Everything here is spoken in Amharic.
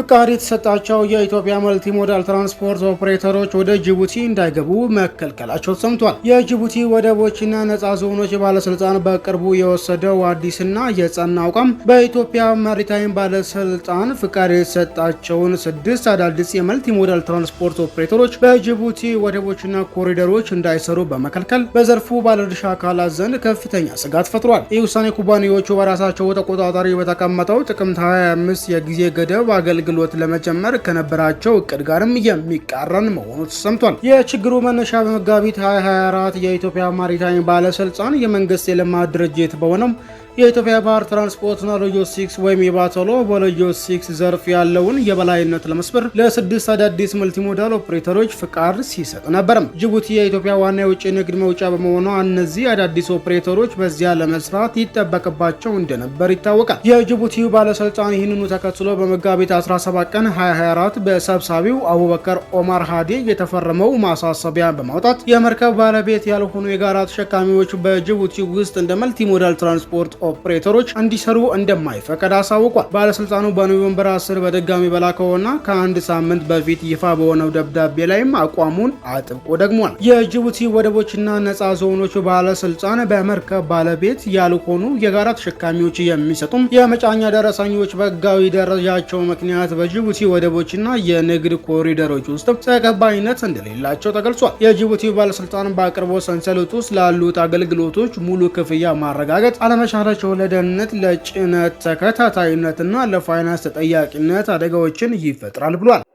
ፍቃድ የተሰጣቸው የኢትዮጵያ መልቲ ሞዳል ትራንስፖርት ኦፕሬተሮች ወደ ጅቡቲ እንዳይገቡ መከልከላቸው ተሰምቷል። የጅቡቲ ወደቦችና ነጻ ዞኖች ባለስልጣን በቅርቡ የወሰደው አዲስና የጸና አቋም በኢትዮጵያ ማሪታይም ባለስልጣን ፍቃድ የተሰጣቸውን ስድስት አዳዲስ የመልቲ ሞዳል ትራንስፖርት ኦፕሬተሮች በጅቡቲ ወደቦችና ኮሪደሮች እንዳይሰሩ በመከልከል በዘርፉ ባለድርሻ አካላት ዘንድ ከፍተኛ ስጋት ፈጥሯል። ይህ ውሳኔ ኩባንያዎቹ በራሳቸው ተቆጣጣሪ በተቀመጠው ጥቅምት 25 የጊዜ ገደብ አገልግሎ አገልግሎት ለመጀመር ከነበራቸው እቅድ ጋርም የሚቃረን መሆኑ ተሰምቷል። የችግሩ መነሻ በመጋቢት 2024 የኢትዮጵያ ማሪታይም ባለስልጣን የመንግስት የልማት ድርጅት በሆነው የኢትዮጵያ ባህር ትራንስፖርትና ሎጂስቲክስ ወይም የባቶሎ በሎጂስቲክስ ዘርፍ ያለውን የበላይነት ለመስበር ለስድስት አዳዲስ መልቲሞዳል ኦፕሬተሮች ፍቃድ ሲሰጥ ነበርም። ጅቡቲ የኢትዮጵያ ዋና የውጭ ንግድ መውጫ በመሆኗ እነዚህ አዳዲስ ኦፕሬተሮች በዚያ ለመስራት ይጠበቅባቸው እንደነበር ይታወቃል። የጅቡቲው ባለስልጣን ይህንኑ ተከትሎ በመጋቢት 17 ቀን 2024 በሰብሳቢው አቡበከር ኦማር ሃዲ የተፈረመው ማሳሰቢያ በማውጣት የመርከብ ባለቤት ያልሆኑ የጋራ ተሸካሚዎች በጅቡቲ ውስጥ እንደ መልቲ ሞዳል ትራንስፖርት ኦፕሬተሮች እንዲሰሩ እንደማይፈቀድ አሳውቋል። ባለስልጣኑ በኖቬምበር 10 በድጋሚ በላከውና ከአንድ ሳምንት በፊት ይፋ በሆነው ደብዳቤ ላይም አቋሙን አጥብቆ ደግሟል። የጅቡቲ ወደቦችና ነፃ ዞኖች ባለስልጣን በመርከብ ባለቤት ያልሆኑ የጋራ ተሸካሚዎች የሚሰጡም የመጫኛ ደረሰኞች በህጋዊ ደረጃቸው ምክንያት ምክንያት በጅቡቲ ወደቦችና የንግድ ኮሪደሮች ውስጥ ተቀባይነት እንደሌላቸው ተገልጿል። የጅቡቲ ባለስልጣን በአቅርቦት ሰንሰለት ውስጥ ላሉት አገልግሎቶች ሙሉ ክፍያ ማረጋገጥ አለመቻላቸው ለደህንነት፣ ለጭነት ተከታታይነትና ለፋይናንስ ተጠያቂነት አደጋዎችን ይፈጥራል ብሏል።